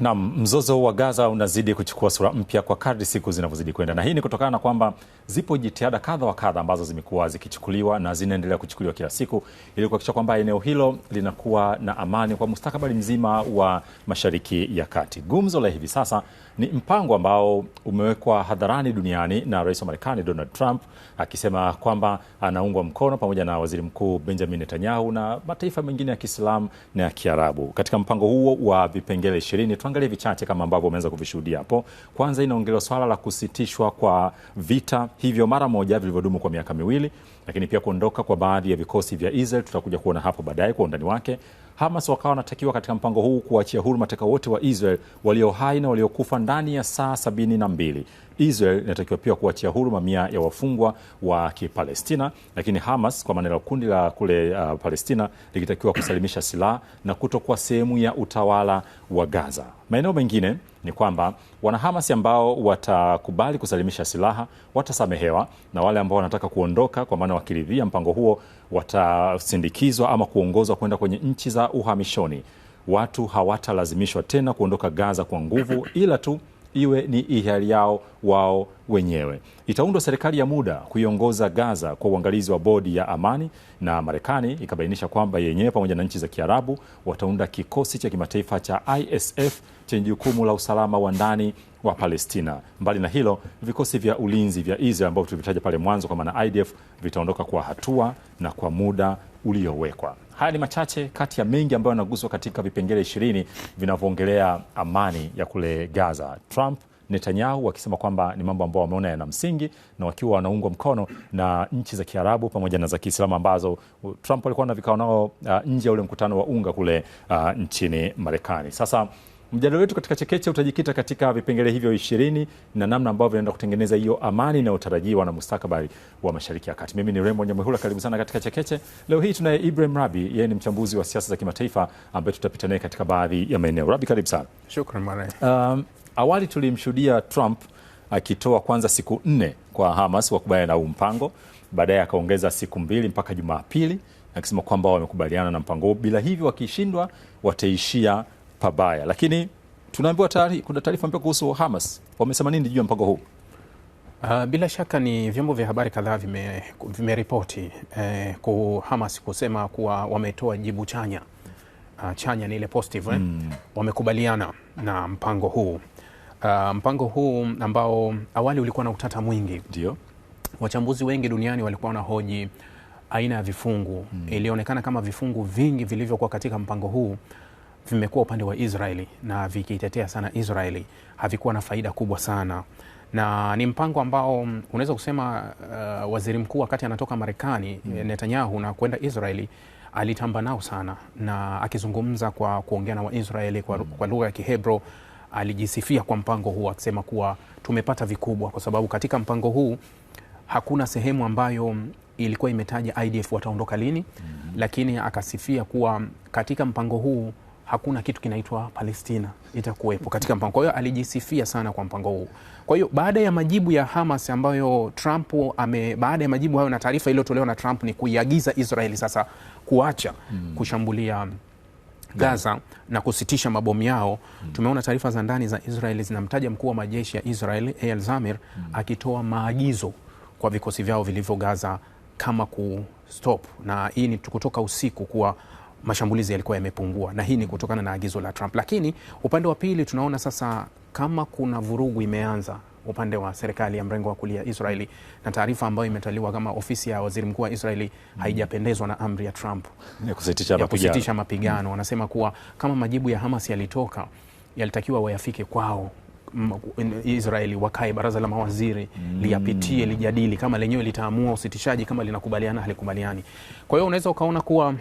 Naam, mzozo wa Gaza unazidi kuchukua sura mpya kwa kadri siku zinavyozidi kwenda, na hii ni kutokana na kwamba zipo jitihada kadha wa kadha ambazo zimekuwa zikichukuliwa na zinaendelea kuchukuliwa kila siku ili kuhakikisha kwamba eneo hilo linakuwa na amani kwa mustakabali mzima wa Mashariki ya Kati. Gumzo la hivi sasa ni mpango ambao umewekwa hadharani duniani na Rais wa Marekani Donald Trump akisema kwamba anaungwa mkono pamoja na Waziri Mkuu Benjamin Netanyahu na mataifa mengine ya Kiislamu na ya Kiarabu. Katika mpango huo wa vipengele ishirini tuangalie vichache kama ambavyo umeweza kuvishuhudia hapo. Kwanza inaongelewa swala la kusitishwa kwa vita hivyo mara moja vilivyodumu kwa miaka miwili, lakini pia kuondoka kwa baadhi ya vikosi vya Israel. Tutakuja kuona hapo baadaye kwa undani wake. Hamas wakawa wanatakiwa katika mpango huu kuachia huru mateka wote wa Israel walio hai na waliokufa ndani ya saa sabini na mbili. Israel inatakiwa pia kuachia huru mamia ya wafungwa wa Kipalestina, lakini Hamas kwa maana ya kundi la kule uh, Palestina likitakiwa kusalimisha silaha na kutokuwa sehemu ya utawala wa Gaza. Maeneo mengine ni kwamba wanahamasi ambao watakubali kusalimisha silaha watasamehewa, na wale ambao wanataka kuondoka, kwa maana wakiridhia mpango huo, watasindikizwa ama kuongozwa kwenda kwenye nchi za uhamishoni. Watu hawatalazimishwa tena kuondoka Gaza kwa nguvu, ila tu iwe ni hiari yao wao wenyewe. Itaundwa serikali ya muda kuiongoza Gaza kwa uangalizi wa bodi ya amani, na Marekani ikabainisha kwamba yenyewe pamoja na nchi za Kiarabu wataunda kikosi cha kimataifa cha ISF chenye jukumu la usalama wa ndani wa Palestina. Mbali na hilo, vikosi vya ulinzi vya Israel ambavyo tulivitaja pale mwanzo kwa maana IDF vitaondoka kwa hatua na kwa muda uliowekwa. Haya ni machache kati ya mengi ambayo yanaguswa katika vipengele ishirini vinavyoongelea amani ya kule Gaza. Trump Netanyahu wakisema kwamba ni mambo ambao wameona yana msingi na wakiwa wanaungwa mkono na nchi za Kiarabu pamoja na za Kiislamu ambazo Trump alikuwa na vikao nao uh, nje ya ule mkutano wa UNGA kule uh, nchini Marekani. Sasa Mjadala wetu katika CHEKECHE utajikita katika vipengele hivyo ishirini na namna ambavyo vinaenda kutengeneza hiyo amani inayotarajiwa na mustakabali wa Mashariki ya Kati. Mimi ni Raymond Nyamwihula, karibu sana katika CHEKECHE. Leo hii tunaye Ibrahim Rabi, yeye ni mchambuzi wa siasa za kimataifa ambaye tutapita naye katika baadhi ya maeneo. Rabi, karibu sana. Um, awali tulimshuhudia Trump akitoa kwanza siku nne kwa Hamas wakubaliana na huu mpango, baadaye akaongeza siku mbili mpaka Jumapili akisema kwamba wamekubaliana na mpango huo, bila hivyo wakishindwa wataishia pabaya, lakini tunaambiwa tari, kuna taarifa mpya kuhusu Hamas. Wamesema nini juu ya mpango huu? Uh, bila shaka ni vyombo vya habari kadhaa vimeripoti eh, ku Hamas kusema kuwa wametoa jibu chanya. Uh, chanya ni ile positive eh? Mm. Wamekubaliana na mpango huu uh, mpango huu ambao awali ulikuwa na utata mwingi. Ndio. Wachambuzi wengi duniani walikuwa wanahoji aina ya vifungu mm. Ilionekana kama vifungu vingi vilivyokuwa katika mpango huu vimekuwa upande wa Israeli na vikitetea sana Israeli, havikuwa na faida kubwa sana na ni mpango ambao mm, unaweza kusema uh, waziri mkuu wakati anatoka Marekani mm. Eh, Netanyahu na kwenda Israeli alitamba nao sana, na akizungumza kwa kuongea na Waisraeli kwa, mm. kwa lugha ya Kihebro alijisifia kwa mpango huu akisema kuwa tumepata vikubwa, kwa sababu katika mpango huu hakuna sehemu ambayo mm, ilikuwa imetaja IDF wataondoka lini mm. Lakini akasifia kuwa katika mpango huu hakuna kitu kinaitwa Palestina itakuwepo katika mpango. Kwa hiyo alijisifia sana kwa mpango huu. Kwa hiyo baada ya majibu ya Hamas ambayo Trump ame, baada ya majibu hayo na taarifa iliyotolewa na Trump ni kuiagiza Israeli sasa kuacha hmm. kushambulia hmm. Gaza na kusitisha mabomu yao hmm. tumeona taarifa za ndani za Israeli zinamtaja mkuu wa majeshi ya Israeli Eyal Zamir akitoa maagizo kwa vikosi vyao vilivyo Gaza kama kustop, na hii ni kutoka usiku kuwa mashambulizi yalikuwa yamepungua, na hii ni kutokana na agizo la Trump. Lakini upande wa pili tunaona sasa kama kuna vurugu imeanza upande wa serikali ya mrengo wa kulia Israeli, na taarifa ambayo imetaliwa kama ofisi ya waziri mkuu wa Israeli haijapendezwa na amri ya Trump ya kusitisha mapigano, mapigano. Mm. Wanasema kuwa kama majibu ya Hamas yalitoka yalitakiwa wayafike kwao mm, Israeli wakae baraza la mawaziri mm, liyapitie lijadili, kama lenyewe litaamua usitishaji, kama linakubaliana halikubaliani. Kwa hiyo unaweza ukaona kuwa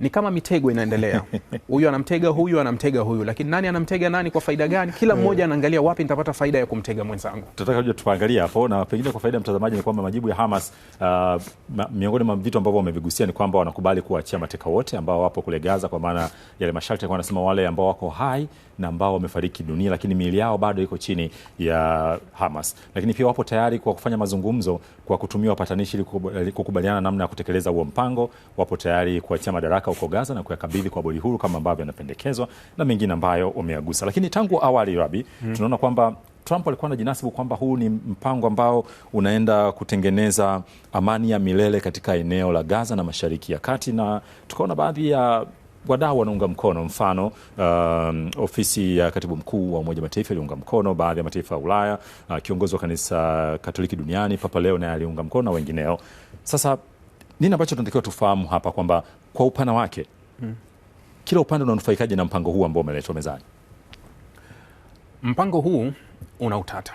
ni kama mitego inaendelea, huyu anamtega huyu, anamtega huyu, lakini nani anamtega nani kwa faida gani? Kila eh. mmoja anaangalia wapi nitapata faida ya kumtega mwenzangu. Tunataka kuja tupaangalia hapo, na pengine kwa faida ya mtazamaji ni kwamba majibu ya Hamas uh, miongoni mwa vitu ambavyo wamevigusia ni kwamba wanakubali kuachia mateka wote ambao wapo kule Gaza, kwa maana yale masharti yalikuwa wanasema wale ambao wako hai na ambao wamefariki dunia, lakini miili yao bado iko chini ya Hamas, lakini pia wapo tayari kwa kufanya mazungumzo kwa kutumia wapatanishi ili kukubaliana namna ya kutekeleza huo mpango. Wapo tayari kuachia madaraka mamlaka huko Gaza na kuyakabidhi kwa bodi huru kama ambavyo yanapendekezwa na mengine ambayo umeagusa. Lakini tangu awali Rabi, hmm, tunaona kwamba Trump alikuwa anajinasibu kwamba huu ni mpango ambao unaenda kutengeneza amani ya milele katika eneo la Gaza na Mashariki ya Kati, na tukaona baadhi ya wadau wanaunga mkono mfano um, ofisi ya katibu mkuu wa Umoja Mataifa iliunga mkono, baadhi ya mataifa ya Ulaya, uh, kiongozi wa kanisa Katoliki duniani Papa Leo naye aliunga mkono na wengineo. Sasa nini ambacho tunatakiwa tufahamu hapa kwamba kwa upana wake mm. Kila upande unanufaikaje na mpango huu ambao umeletwa mezani? Mpango huu una utata.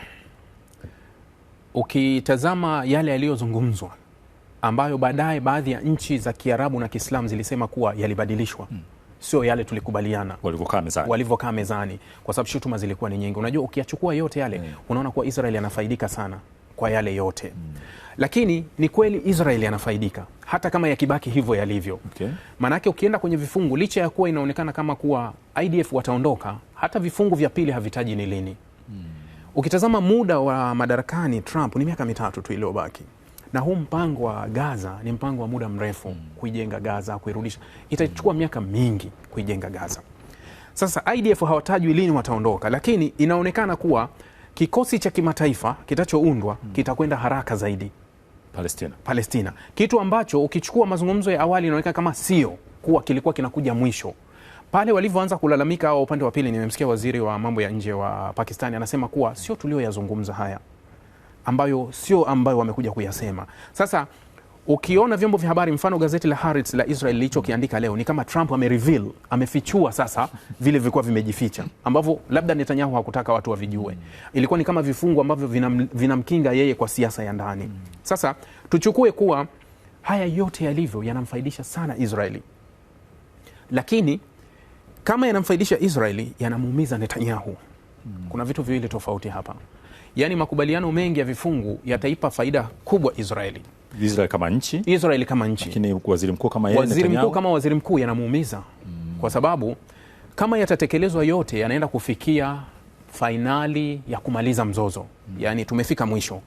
Ukitazama yale yaliyozungumzwa ambayo baadaye baadhi ya nchi za Kiarabu na Kiislamu zilisema kuwa yalibadilishwa mm. Sio yale tulikubaliana walivyokaa mezani, walivyokaa mezani, kwa sababu shutuma zilikuwa ni nyingi. Unajua, ukiyachukua yote yale mm. unaona kuwa Israeli anafaidika sana kwa yale yote mm. Lakini ni kweli Israeli anafaidika hata kama yakibaki hivyo yalivyo, okay. Maanake ukienda kwenye vifungu, licha ya kuwa inaonekana kama kuwa IDF wataondoka, hata vifungu vya pili havitaji ni lini mm. Ukitazama muda wa madarakani Trump ni miaka mitatu tu iliyobaki, na huu mpango wa Gaza ni mpango wa muda mrefu mm. Kuijenga Gaza, kuirudisha, itachukua miaka mingi kuijenga Gaza. Sasa IDF hawatajwi lini wataondoka, lakini inaonekana kuwa kikosi cha kimataifa kitachoundwa hmm, kitakwenda haraka zaidi Palestina. Palestina, kitu ambacho ukichukua mazungumzo ya awali inaoneka kama sio kuwa kilikuwa kinakuja mwisho pale walivyoanza kulalamika hawa upande wa pili. Nimemsikia waziri wa mambo ya nje wa Pakistani anasema kuwa sio tulioyazungumza haya ambayo sio ambayo wamekuja kuyasema sasa Ukiona vyombo vya habari mfano gazeti la Haaretz la Israel lilichokiandika leo ni kama Trump amereveal, amefichua sasa vile vilikuwa vimejificha ambavyo labda Netanyahu hakutaka watu wavijue. Ilikuwa ni kama vifungu ambavyo vinam, vinamkinga yeye kwa siasa ya ndani. Sasa tuchukue kuwa haya yote yalivyo yanamfaidisha sana Israeli, lakini kama yanamfaidisha Israeli yanamuumiza Netanyahu. Kuna vitu viwili tofauti hapa, yaani makubaliano mengi ya vifungu yataipa faida kubwa Israeli Israel kama nchi, Israel kama nchi, lakini waziri mkuu kama yeye, waziri mkuu kama waziri mkuu yanamuumiza mm. kwa sababu kama yatatekelezwa yote yanaenda kufikia fainali ya kumaliza mzozo mm. yani tumefika mwisho,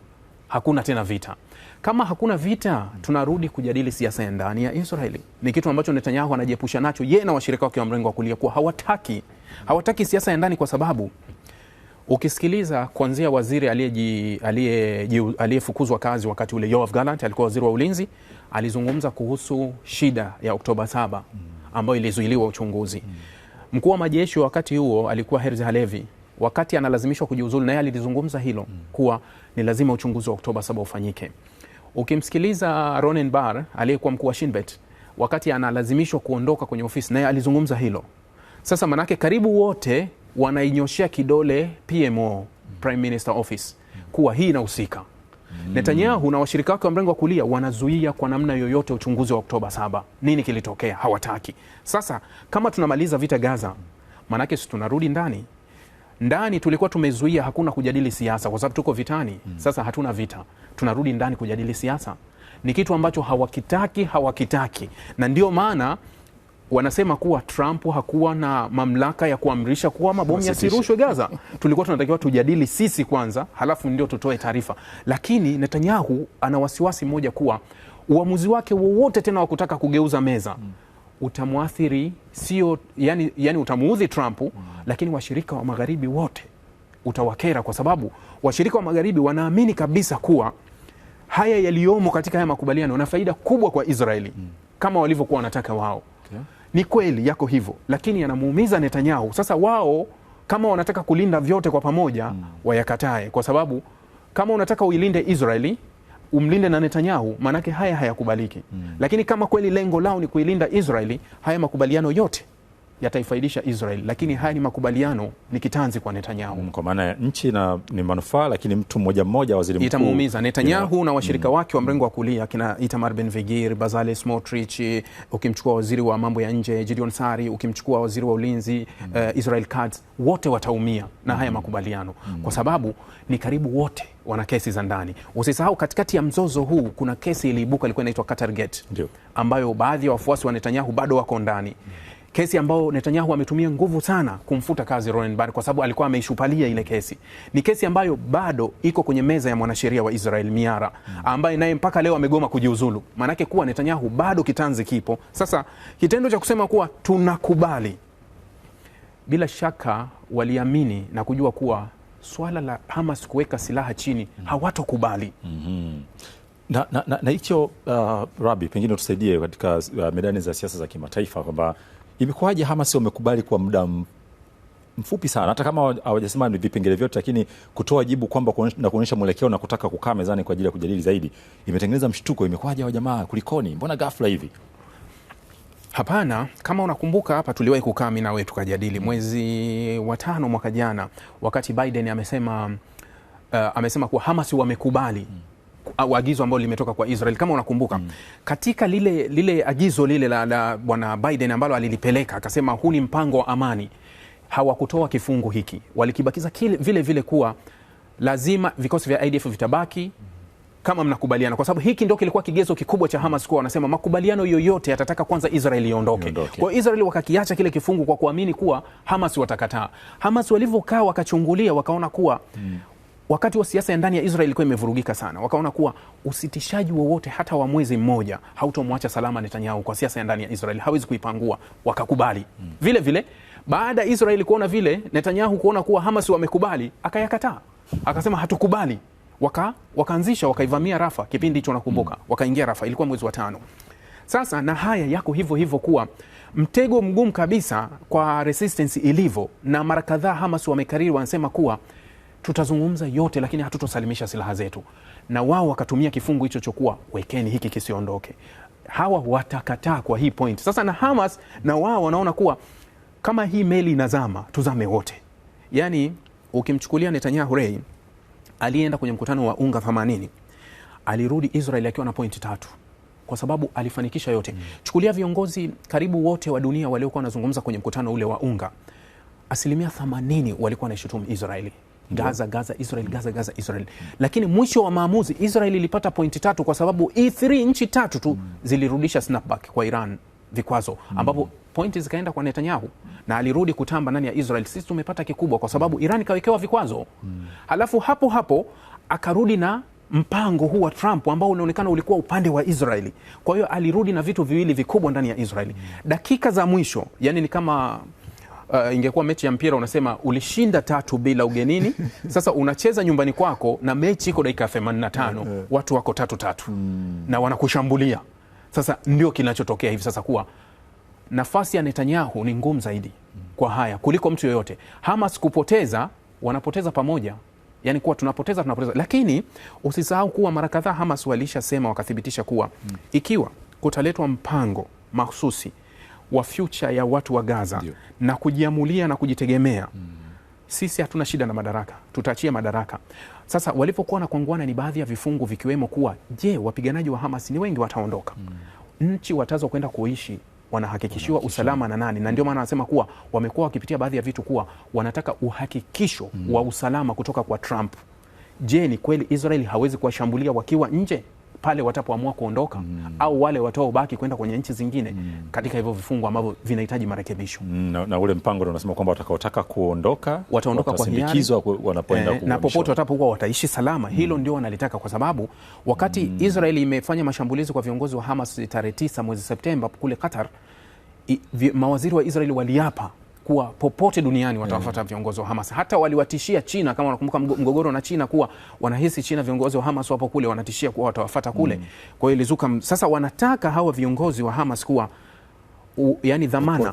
hakuna tena vita. Kama hakuna vita, mm. tunarudi kujadili siasa ya ndani ya Israeli. Ni kitu ambacho Netanyahu anajiepusha nacho, yeye na washirika wake wa mrengo wa kulia kuwa hawataki hawataki siasa ya ndani kwa sababu Ukisikiliza kuanzia waziri aliyefukuzwa kazi wakati ule, Yoav Gallant alikuwa waziri wa ulinzi, alizungumza kuhusu shida ya Oktoba saba ambayo ilizuiliwa uchunguzi. Mkuu wa majeshi wakati huo alikuwa Herzi Halevi, wakati analazimishwa kujiuzulu, naye alilizungumza hilo kuwa ni lazima uchunguzi wa Oktoba saba ufanyike. Ukimsikiliza Ronen Bar aliyekuwa mkuu wa Shinbet wakati analazimishwa kuondoka kwenye ofisi, naye alizungumza hilo. Sasa manake karibu wote wanainyoshea kidole PMO, Prime Minister Office, kuwa hii inahusika. Mm. Netanyahu na washirika wake wa mrengo wa kulia wanazuia kwa namna yoyote uchunguzi wa Oktoba saba. Nini kilitokea? Hawataki. Sasa kama tunamaliza vita Gaza, maanake si tunarudi ndani ndani tulikuwa tumezuia, hakuna kujadili siasa kwa sababu tuko vitani. Mm. Sasa hatuna vita, tunarudi ndani kujadili siasa. Ni kitu ambacho hawakitaki, hawakitaki, na ndio maana wanasema kuwa Trump hakuwa na mamlaka ya kuamrisha kuwa mabomu yasirushwe Gaza. Tulikuwa tunatakiwa tujadili sisi kwanza, halafu ndio tutoe taarifa. Lakini Netanyahu ana wasiwasi mmoja kuwa uamuzi wake wowote tena wa kutaka kugeuza meza utamwathiri sio, yani, yani utamuudhi Trump lakini washirika wa magharibi wote utawakera, kwa sababu washirika wa magharibi wanaamini kabisa kuwa haya yaliyomo katika haya makubaliano na faida kubwa kwa Israeli kama walivyokuwa wanataka wao. Okay. Ni kweli yako hivyo, lakini yanamuumiza Netanyahu. Sasa wao kama wanataka kulinda vyote kwa pamoja mm. wayakatae, kwa sababu kama unataka uilinde Israeli umlinde na Netanyahu, maanake haya hayakubaliki mm. Lakini kama kweli lengo lao ni kuilinda Israeli, haya makubaliano yote yataifaidisha Israel, lakini haya ni makubaliano, ni kitanzi kwa Netanyahu mm, kwa maana ya nchi na ni manufaa, lakini mtu mmoja mmoja, waziri mkuu itamuumiza Netanyahu na washirika mm, wake wa mrengo wa kulia kina Itamar Ben-Gvir, Bezalel Smotrich, ukimchukua waziri wa mambo ya nje Gideon Sari, ukimchukua waziri wa ulinzi mm, uh, Israel Katz, wote wataumia na haya makubaliano mm, kwa sababu ni karibu wote wana kesi za ndani. Usisahau katikati ya mzozo huu kuna kesi iliibuka, ilikuwa inaitwa Qatar Gate ambayo baadhi ya wafuasi wa Netanyahu bado wako ndani mm kesi ambao Netanyahu ametumia nguvu sana kumfuta kazi Ronen Bar kwa sababu alikuwa ameishupalia ile kesi. Ni kesi ambayo bado iko kwenye meza ya mwanasheria wa Israel Miara, ambaye naye mpaka leo amegoma kujiuzulu. Maanake kuwa Netanyahu bado kitanzi kipo. Sasa kitendo cha kusema kuwa tunakubali, bila shaka waliamini na kujua kuwa swala la Hamas kuweka silaha chini hawatokubali. -hmm na, na, na, na hicho uh, Rabi, pengine tusaidie katika uh, medani za siasa za kimataifa kwamba imekuwaje Hamas wamekubali kwa muda mfupi sana, hata kama hawajasema ni vipengele vyote, lakini kutoa jibu kwamba na kuonyesha mwelekeo na kutaka kukaa mezani kwa ajili ya kujadili zaidi, imetengeneza mshtuko. Imekuwaje hawa jamaa, kulikoni? Mbona ghafla hivi? Hapana, kama unakumbuka hapa tuliwahi kukaa mimi wewe tukajadili mm-hmm. mwezi wa tano mwaka jana, wakati Biden amesema uh, amesema kuwa Hamas wamekubali mm agizo ambalo limetoka kwa Israel kama unakumbuka mm. katika lile, lile agizo lile la, la bwana Biden ambalo alilipeleka akasema huu ni mpango wa amani, hawakutoa kifungu hiki, walikibakiza kile, vile vile kuwa lazima vikosi vya IDF vitabaki kama mnakubaliana, kwa sababu hiki ndio kilikuwa kigezo kikubwa cha Hamas, kuwa wanasema makubaliano yoyote yatataka kwanza Israel iondoke. Kwa hiyo Israel wakakiacha kile kifungu kwa kuamini kuwa Hamas watakataa. Hamas walivyokaa wakachungulia, wakaona kuwa hmm wakati wa siasa ya ndani ya Israel ilikuwa imevurugika sana, wakaona kuwa usitishaji wowote hata wa mwezi mmoja hautomwacha salama Netanyahu kwa siasa ya ndani ya Israel, hawezi kuipangua. Wakakubali hmm. vile vile. Baada ya Israel kuona vile, Netanyahu kuona kuwa Hamas wamekubali, akayakataa, akasema hatukubali. Waka, wakaanzisha wakaivamia Rafa kipindi hicho, nakumbuka hmm. wakaingia Rafa, ilikuwa mwezi wa tano. Sasa na haya yako hivyo hivyo, kuwa mtego mgumu kabisa kwa resistance ilivyo, na mara kadhaa Hamas wamekariri wanasema kuwa tutazungumza yote, lakini hatutosalimisha silaha zetu. Na wao wakatumia kifungu hicho chokuwa wekeni hiki kisiondoke, hawa watakataa kwa hii point. Sasa na Hamas na wao wanaona kuwa kama hii meli inazama tuzame wote. Yani ukimchukulia Netanyahu rei aliyeenda kwenye mkutano wa unga 80 alirudi Israel akiwa na pointi tatu kwa sababu alifanikisha yote mm. Chukulia viongozi karibu wote wa dunia waliokuwa wanazungumza kwenye mkutano ule wa unga, asilimia 80 walikuwa wanaishutumu Israeli. Gaza, Gaza, Israel, Gaza, Gaza, Israel. Lakini mwisho wa maamuzi Israel ilipata pointi tatu kwa sababu E3 nchi tatu tu hmm. zilirudisha snapback kwa Iran vikwazo hmm. ambapo pointi zikaenda kwa Netanyahu na alirudi kutamba ndani ya Israel, sisi tumepata kikubwa kwa sababu Iran ikawekewa vikwazo. Hmm. Halafu hapo hapo akarudi na mpango huu wa Trump ambao unaonekana ulikuwa upande wa Israeli. Kwa hiyo alirudi na vitu viwili vikubwa ndani ya Israeli. Dakika za mwisho, yani ni kama uh, ingekuwa mechi ya mpira unasema ulishinda tatu bila ugenini, sasa unacheza nyumbani kwako na mechi iko dakika 85 eh, eh. watu wako tatu tatu hmm. na wanakushambulia. Sasa ndio kinachotokea hivi sasa kuwa nafasi ya Netanyahu ni ngumu zaidi kwa haya kuliko mtu yoyote. Hamas kupoteza, wanapoteza pamoja yani kuwa tunapoteza tunapoteza, lakini usisahau kuwa mara kadhaa Hamas walishasema wakathibitisha kuwa hmm. ikiwa kutaletwa mpango mahsusi wa future ya watu wa Gaza Dio. na kujiamulia na kujitegemea mm. Sisi hatuna shida na madaraka, tutaachia madaraka. Sasa walipokuwa na kuanguana ni baadhi ya vifungu vikiwemo kuwa, je, wapiganaji wa Hamas ni wengi wataondoka mm. nchi watazo kwenda kuishi wanahakikishiwa usalama na nani? Na ndio maana anasema kuwa wamekuwa wakipitia baadhi ya vitu kuwa wanataka uhakikisho mm. wa usalama kutoka kwa Trump. Je, ni kweli Israel hawezi kuwashambulia wakiwa nje? pale watapoamua kuondoka mm. au wale wataobaki kwenda kwenye nchi zingine mm. katika hivyo vifungu ambavyo vinahitaji marekebisho mm, na, na ule mpango unasema kwamba watakaotaka kuondoka wataondoka kwa hiari wanapoenda eh, na popote watapokuwa wataishi salama. Hilo mm. ndio wanalitaka kwa sababu wakati mm. Israeli imefanya mashambulizi kwa viongozi wa Hamas tarehe 9 mwezi Septemba kule Qatar i, vi, mawaziri wa Israeli waliapa kuwa popote duniani watawafuata mm. viongozi wa Hamas. Hata waliwatishia China, kama unakumbuka mgogoro na China, kuwa wanahisi China viongozi wa Hamas wapo kule, wanatishia kuwa watawafuata kule. Mm. Kwa hiyo ilizuka sasa, wanataka hawa viongozi wa Hamas kuwa U, yani dhamana,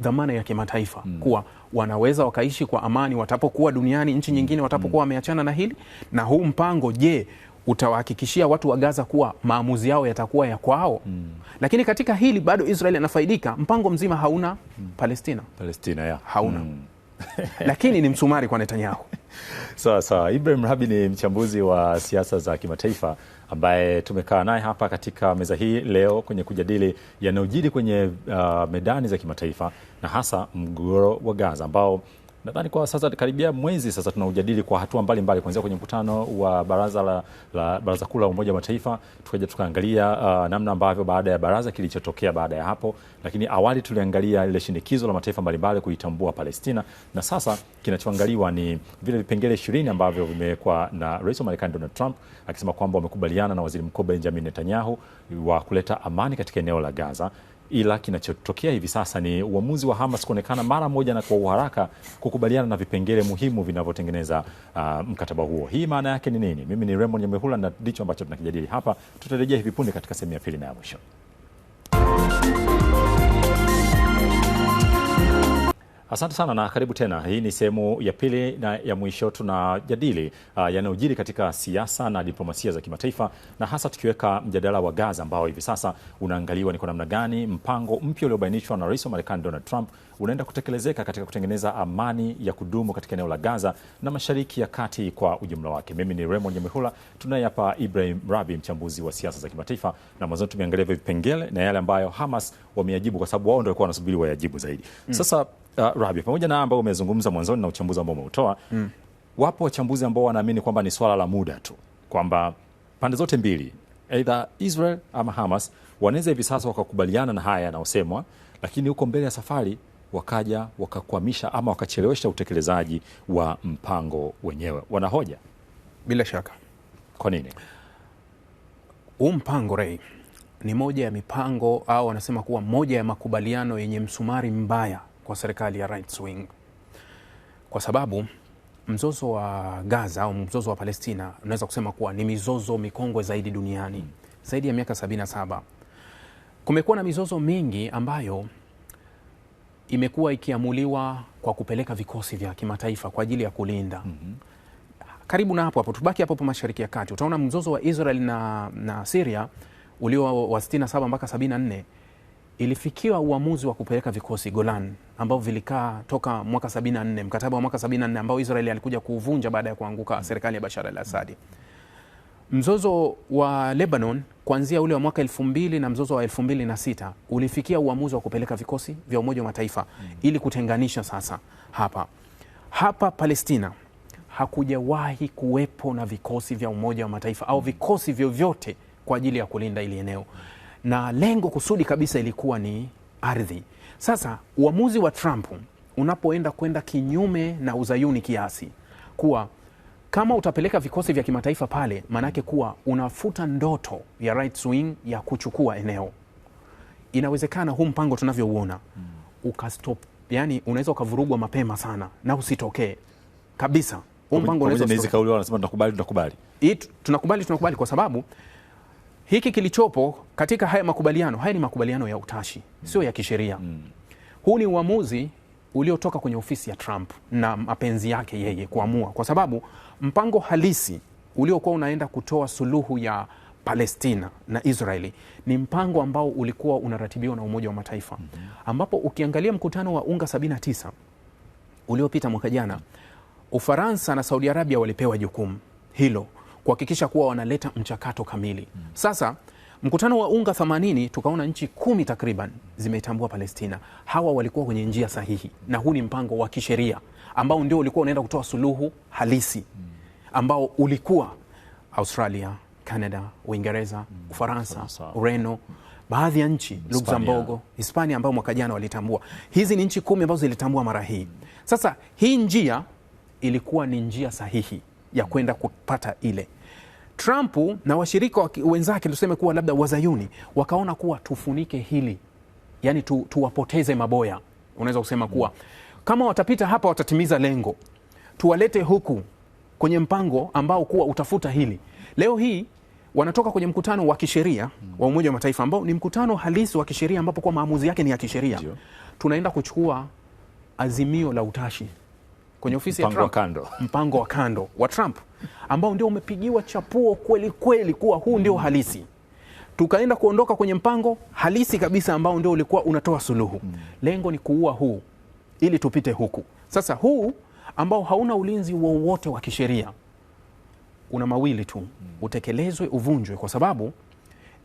dhamana ya kimataifa mm, kuwa wanaweza wakaishi kwa amani watapokuwa duniani nchi mm. nyingine watapokuwa wameachana mm, na hili na huu mpango je, utawahakikishia watu wa Gaza kuwa maamuzi yao yatakuwa ya kwao mm. Lakini katika hili bado Israeli anafaidika, mpango mzima hauna mm. Palestina, Palestina ya. hauna mm. lakini ni msumari kwa Netanyahu. Sawa sawa. Ibrahim Rabi ni mchambuzi wa siasa za kimataifa ambaye tumekaa naye hapa katika meza hii leo kwenye kujadili yanayojiri kwenye uh, medani za kimataifa na hasa mgogoro wa Gaza ambao nadhani kwa sasa karibia mwezi sasa tunaujadili kwa hatua mbalimbali, kuanzia kwenye mkutano wa baraza la, la baraza kuu la Umoja wa Mataifa, tukaja tukaangalia uh, namna ambavyo baada ya baraza kilichotokea baada ya hapo, lakini awali tuliangalia ile shinikizo la mataifa mbalimbali kuitambua Palestina, na sasa kinachoangaliwa ni vile vipengele ishirini ambavyo vimewekwa na rais wa Marekani Donald Trump akisema kwamba wamekubaliana na waziri mkuu Benjamin Netanyahu wa kuleta amani katika eneo la Gaza ila kinachotokea hivi sasa ni uamuzi wa Hamas kuonekana mara moja na kwa uharaka kukubaliana na vipengele muhimu vinavyotengeneza uh, mkataba huo. Hii maana yake ni nini? Mimi ni Raymond Nyamehula na ndicho ambacho tunakijadili hapa. Tutarejea hivi punde katika sehemu ya pili na ya mwisho. Asante sana na karibu tena. Hii ni sehemu ya pili na ya mwisho, tunajadili uh, yanayojiri katika siasa na diplomasia za kimataifa na hasa tukiweka mjadala wa Gaza ambao hivi sasa unaangaliwa ni kwa namna gani mpango mpya uliobainishwa na Rais wa Marekani Donald Trump unaenda kutekelezeka katika kutengeneza amani ya kudumu katika eneo la Gaza na Mashariki ya Kati kwa ujumla wake. Mimi ni Raymond Nyamwihula, tunaye hapa Ibrahim Rabi, mchambuzi wa siasa za kimataifa, na mwanzoni tumeangalia vipengele na yale ambayo Hamas wameyajibu, kwa sababu wao ndio walikuwa wanasubiri wayajibu zaidi. Mm. Sasa uh, Rabia, pamoja na ambao umezungumza mwanzoni na uchambuzi ambao umeutoa mm. Wapo wachambuzi ambao wanaamini kwamba ni swala la muda tu, kwamba pande zote mbili, either Israel ama Hamas, wanaweza hivi sasa wakakubaliana na haya yanayosemwa, lakini huko mbele ya safari wakaja wakakwamisha ama wakachelewesha utekelezaji wa mpango wenyewe. Wanahoja bila shaka. Kwa nini huu mpango rei ni moja ya mipango au wanasema kuwa moja ya makubaliano yenye msumari mbaya kwa serikali ya right wing, kwa sababu mzozo wa Gaza au mzozo wa Palestina unaweza kusema kuwa ni mizozo mikongwe zaidi duniani, zaidi ya miaka 77. Kumekuwa na mizozo mingi ambayo imekuwa ikiamuliwa kwa kupeleka vikosi vya kimataifa kwa ajili ya kulinda mm -hmm. Karibu na hapo hapo, tubaki hapo hapo Mashariki ya Kati, utaona mzozo wa Israel na, na Syria ulio wa 67 mpaka 74 ilifikiwa uamuzi wa kupeleka vikosi Golan ambavyo vilikaa toka mwaka 74, mkataba wa mwaka 74 ambao Israeli alikuja kuuvunja baada ya kuanguka serikali ya Bashar al-Assad. Mzozo wa Lebanon kuanzia ule wa mwaka 2000 na mzozo wa 2006 ulifikia uamuzi wa kupeleka vikosi vya Umoja wa Mataifa hmm. ili kutenganisha sasa hapa hapa Palestina hakujawahi kuwepo na vikosi vya Umoja wa Mataifa au vikosi vyovyote kwa ajili ya kulinda ili eneo na lengo kusudi kabisa ilikuwa ni ardhi. Sasa uamuzi wa Trump unapoenda kwenda kinyume na uzayuni kiasi kuwa kama utapeleka vikosi vya kimataifa pale, maanake kuwa unafuta ndoto ya right swing ya kuchukua eneo. Inawezekana huu mpango tunavyouona hmm. ukastop, yani unaweza ukavurugwa mapema sana na usitokee kabisa. Huu mpango unaweza wanasema tunakubali, tunakubali, tunakubali, tunakubali kwa sababu hiki kilichopo katika haya makubaliano, haya ni makubaliano ya utashi, sio ya kisheria. Mm. Huu ni uamuzi uliotoka kwenye ofisi ya Trump na mapenzi yake yeye kuamua, kwa sababu mpango halisi uliokuwa unaenda kutoa suluhu ya Palestina na Israeli ni mpango ambao ulikuwa unaratibiwa na Umoja wa Mataifa, mm-hmm. ambapo ukiangalia mkutano wa UNGA 79 uliopita mwaka jana, Ufaransa na Saudi Arabia walipewa jukumu hilo kuhakikisha kuwa wanaleta mchakato kamili. Sasa mkutano wa UNGA 80 tukaona nchi kumi takriban zimeitambua Palestina. Hawa walikuwa kwenye njia sahihi, na huu ni mpango wa kisheria ambao ndio ulikuwa unaenda kutoa suluhu halisi ambao ulikuwa Australia, Canada, Uingereza, mm, Ufaransa, Ureno, baadhi ya nchi Luxembourg, Hispania ambao mwaka jana walitambua. Hizi ni nchi kumi ambazo zilitambua mara hii. Sasa hii njia ilikuwa ni njia sahihi ya kwenda kupata ile. Trump na washirika wenzake tuseme kuwa labda wazayuni wakaona kuwa tufunike hili, yani tu, tuwapoteze maboya. Unaweza kusema kuwa kama watapita hapa watatimiza lengo, tuwalete huku kwenye mpango ambao kuwa utafuta hili. Leo hii wanatoka kwenye mkutano wa kisheria wa Umoja wa Mataifa ambao ni mkutano halisi wa kisheria ambapo kuwa maamuzi yake ni ya kisheria. Tunaenda kuchukua azimio la utashi kwenye ofisi ya Trump, mpango wa kando wa Trump ambao ndio umepigiwa chapuo kweli kweli kuwa huu ndio halisi. Tukaenda kuondoka kwenye mpango halisi kabisa ambao ndio ulikuwa unatoa suluhu. Hmm. Lengo ni kuua huu ili tupite huku. Sasa huu ambao hauna ulinzi wowote wa, wa kisheria una mawili tu, hmm. utekelezwe, uvunjwe, kwa sababu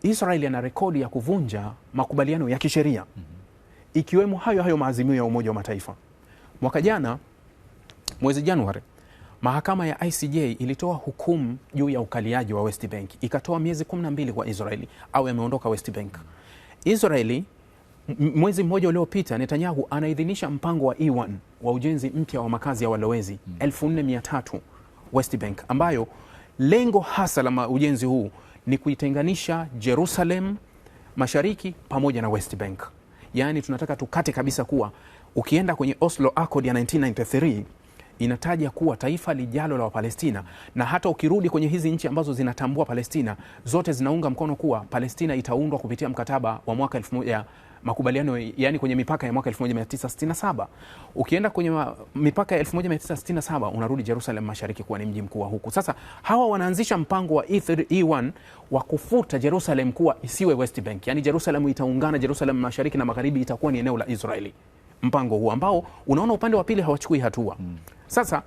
Israeli ana rekodi ya kuvunja makubaliano ya kisheria hmm. ikiwemo hayo hayo maazimio ya Umoja wa Mataifa mwaka jana. Mwezi Januari mahakama ya ICJ ilitoa hukumu juu ya ukaliaji wa West Bank, ikatoa miezi 12 kwa Israeli au ameondoka West Bank. Israeli mwezi mmoja uliopita, Netanyahu anaidhinisha mpango wa E1 wa ujenzi mpya wa makazi ya walowezi 4300 hmm. West Bank, ambayo lengo hasa la ujenzi huu ni kuitenganisha Jerusalem mashariki pamoja na West Bank. Yaani tunataka tukate kabisa kuwa ukienda kwenye Oslo Accord ya 1993 inataja kuwa taifa lijalo la Wapalestina, na hata ukirudi kwenye hizi nchi ambazo zinatambua Palestina zote zinaunga mkono kuwa Palestina itaundwa kupitia mkataba wa mwaka elfu moja makubaliano yani kwenye mipaka ya mwaka 1967. Ukienda kwenye mipaka ya 1967 unarudi Jerusalem Mashariki kuwa ni mji mkuu wa huku. Sasa hawa wanaanzisha mpango wa E3, E1 wa kufuta Jerusalem kuwa isiwe West Bank, yani Jerusalem itaungana, Jerusalem Mashariki na Magharibi itakuwa ni eneo la Israeli. Mpango huu ambao unaona upande wa pili hawachukui hatua hmm. Sasa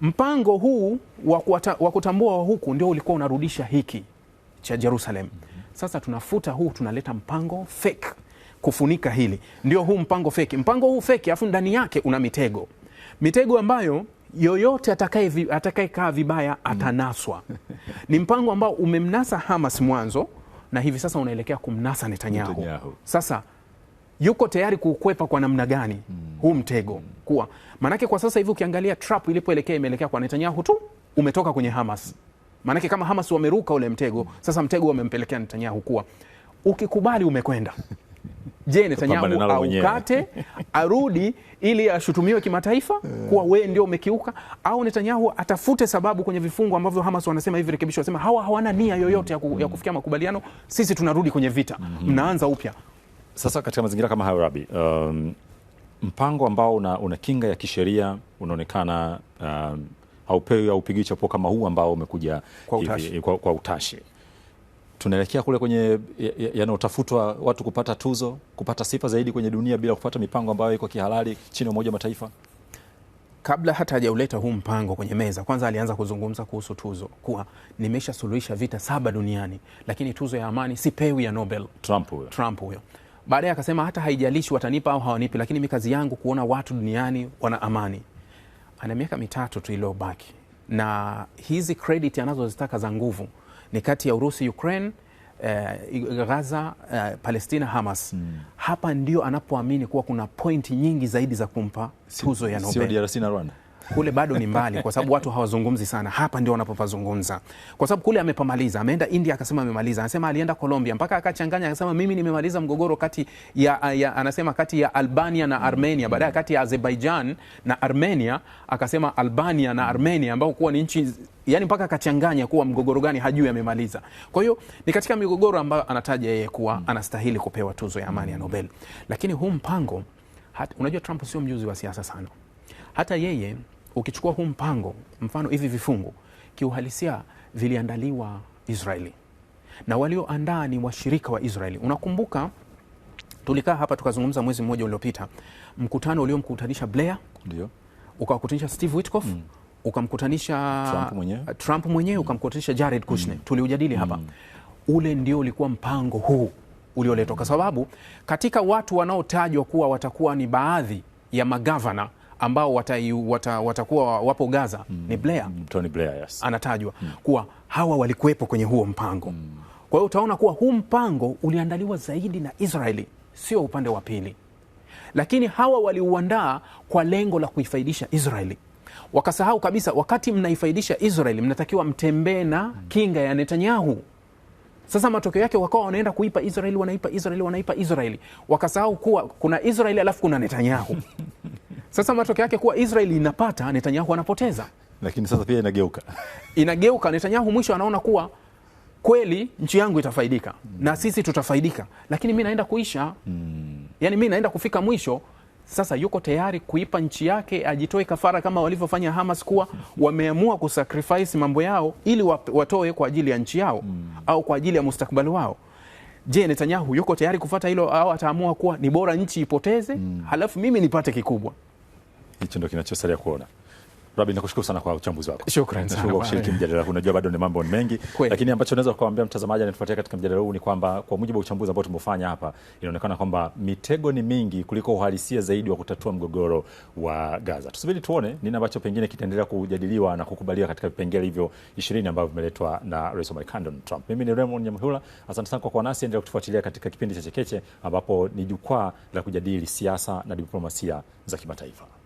mpango huu wa kutambua wa huku ndio ulikuwa unarudisha hiki cha Jerusalem. Sasa tunafuta huu, tunaleta mpango fake kufunika hili, ndio huu mpango feki. Mpango huu feki, alafu ndani yake una mitego, mitego ambayo yoyote atakayekaa atakaye vibaya atanaswa. Ni mpango ambao umemnasa Hamas mwanzo na hivi sasa unaelekea kumnasa Netanyahu. Netanyahu sasa yuko tayari kukwepa kwa namna gani hmm. huu mtego? kuwa maanake, kwa sasa hivi ukiangalia Trump ilipoelekea imeelekea kwa Netanyahu tu, umetoka kwenye Hamas. Maanake kama Hamas wameruka ule mtego, sasa mtego wamempelekea Netanyahu kuwa, ukikubali umekwenda. Je, Netanyahu aukate arudi ili ashutumiwe kimataifa kuwa wewe ndio umekiuka, au Netanyahu atafute sababu kwenye vifungu ambavyo Hamas wanasema hivi rekebisho, wanasema hawa hawana nia yoyote ya, ku, ya kufikia makubaliano, sisi tunarudi kwenye vita, mhm. mnaanza upya. Sasa katika mazingira kama hayo Rabi, um, mpango ambao una, una kinga ya kisheria unaonekana uh, haupewi haupigii chapuo kama huu ambao umekuja kwa utashi, hivi, kwa, kwa utashi. Tunaelekea kule kwenye yanayotafutwa watu kupata tuzo kupata sifa zaidi kwenye dunia bila kupata mipango ambayo iko kihalali chini ya Umoja wa Mataifa. Kabla hata hajauleta huu mpango kwenye meza, kwanza alianza kuzungumza kuhusu tuzo kuwa nimeshasuluhisha vita saba duniani, lakini tuzo ya amani sipewi ya Nobel. Trump huyo, Trump huyo. Baadaye akasema hata haijalishi watanipa au hawanipi, lakini mi kazi yangu kuona watu duniani wana amani. Ana miaka mitatu tu iliyobaki, na hizi krediti anazozitaka za nguvu ni kati ya Urusi, Ukraine, eh, Gaza, eh, Palestina, Hamas. hmm. Hapa ndio anapoamini kuwa kuna pointi nyingi zaidi za kumpa tuzo ya Nobel. Sio DRC na Rwanda kule bado ni mbali, kwa sababu watu hawazungumzi sana. Hapa ndio wanapopazungumza, kwa sababu kule amepamaliza. Ameenda India akasema amemaliza, anasema alienda Colombia mpaka akachanganya, akasema mimi nimemaliza mgogoro kati ya, ya, anasema kati ya Albania na Armenia, baadaye kati ya Azerbaijan na Armenia, akasema Albania na Armenia ambao kuwa ni nchi yani mpaka akachanganya kuwa mgogoro gani hajui amemaliza. Kwa hiyo ni katika migogoro ambayo anataja yeye kuwa anastahili kupewa tuzo ya amani ya Nobel, lakini huu mpango hata, unajua Trump sio mjuzi wa siasa sana, hata yeye ukichukua huu mpango, mfano hivi vifungu kiuhalisia viliandaliwa Israeli na walioandaa ni washirika wa Israeli. Unakumbuka tulikaa hapa tukazungumza mwezi mmoja uliopita, mkutano uliomkutanisha Blair ndio ukawakutanisha Steve Witkoff mm. ukamkutanisha Trump mwenyewe Trump mwenyewe mm. ukamkutanisha Jared Kushner mm. tuliujadili hapa mm. ule ndio ulikuwa mpango huu ulioletwa, kwa sababu katika watu wanaotajwa kuwa watakuwa ni baadhi ya magavana ambao watakuwa wata, wata wapo Gaza mm. ni Blair, mm, Tony Blair yes. anatajwa mm. kuwa hawa walikuwepo kwenye huo mpango mm. kwa hiyo utaona kuwa huu mpango uliandaliwa zaidi na Israeli, sio upande wa pili, lakini hawa waliuandaa kwa lengo la kuifaidisha Israeli wakasahau kabisa, wakati mnaifaidisha Israeli mnatakiwa mtembee na mm. kinga ya Netanyahu. Sasa matokeo yake wakawa wanaenda kuipa Israeli, wanaipa Israeli, wanaipa Israeli, wakasahau kuwa kuna Israeli alafu kuna Netanyahu Sasa matokeo yake kuwa Israel inapata, Netanyahu anapoteza. Lakini sasa pia inageuka inageuka. Netanyahu mwisho anaona kuwa kweli nchi yangu itafaidika mm. na sisi tutafaidika, lakini mi naenda kuisha mm. yani mi naenda kufika mwisho. Sasa yuko tayari kuipa nchi yake ajitoe kafara kama walivyofanya Hamas, kuwa hmm. wameamua kusacrifice mambo yao ili watoe kwa ajili ya nchi yao mm. au kwa ajili ya mustakbali wao. Je, Netanyahu yuko tayari kufata hilo au ataamua kuwa ni bora nchi ipoteze mm. halafu mimi nipate kikubwa? hicho ndio kinachosalia kuona. Rabi, nakushukuru sana kwa uchambuzi wako. Shukrani sana kwa kushiriki mjadala huu. Najua bado ni mambo mengi Kwe. Lakini ambacho naweza kuwaambia mtazamaji anatufuatia katika mjadala huu ni kwamba kwa mujibu wa uchambuzi ambao tumeufanya hapa, inaonekana kwamba mitego ni mingi kuliko uhalisia zaidi wa kutatua mgogoro wa Gaza. Tusubiri tuone nini ambacho pengine kitaendelea kujadiliwa na kukubaliwa katika vipengele hivyo ishirini ambavyo vimeletwa na Rais wa Marekani Donald Trump. Mimi ni Raymond Nyamhula, asante sana kwa kuwa nasi, endelea kutufuatilia katika kipindi cha Chekeche ambapo ni jukwaa la kujadili siasa na diplomasia za kimataifa.